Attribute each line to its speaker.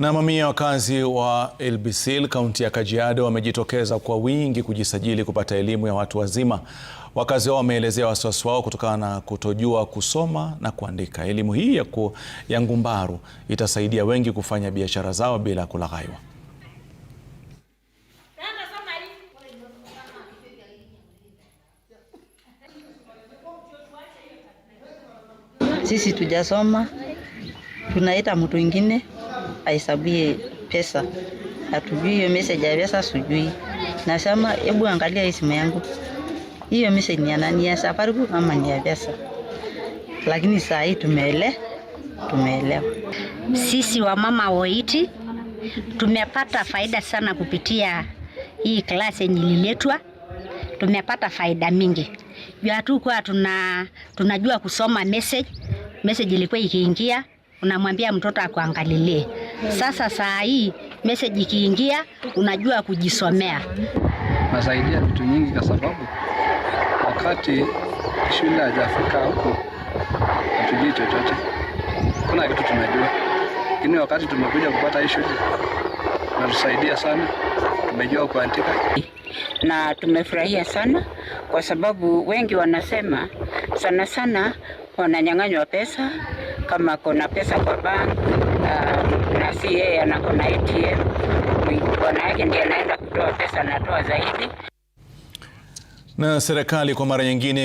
Speaker 1: Na mamia wakazi wa Ilbisil kaunti ya Kajiado wamejitokeza kwa wingi kujisajili kupata elimu ya watu wazima. Wakazi hao wameelezea wasiwasi wao kutokana na kutojua kusoma na kuandika. Elimu hii ya, ku, ya ngumbaru itasaidia wengi kufanya biashara zao bila kulaghaiwa.
Speaker 2: Sisi tujasoma, tunaita mtu mwingine ahesabie pesa. Hatujui hiyo message ya pesa, sijui. Nasema hebu angalia hii simu yangu, hiyo message ni ya nani, ya Safaricom ama ni ya pesa? Lakini saa hii tumeele tumeelewa.
Speaker 3: Sisi wamama Woiti tumepata faida sana kupitia hii klasi yenye ililetwa, tumepata faida mingi juu hatukuwa tuna, tunajua kusoma message. Message ilikuwa ikiingia, unamwambia mtoto akuangalilie sasa saa hii message ikiingia, unajua kujisomea.
Speaker 4: Nasaidia vitu nyingi, kwa sababu wakati shule hajafika huko hatujui chochote, kuna kitu tunajua, lakini wakati tumekuja kupata hii shule natusaidia sana, tumejua kuandika
Speaker 2: na tumefurahia sana kwa sababu wengi wanasema sana sana wananyang'anywa pesa, kama kuna pesa kwa banki na si yeye anako na ATM. Bwana yake ndiye anaenda kutoa pesa, anatoa zaidi. Na serikali kwa mara nyingine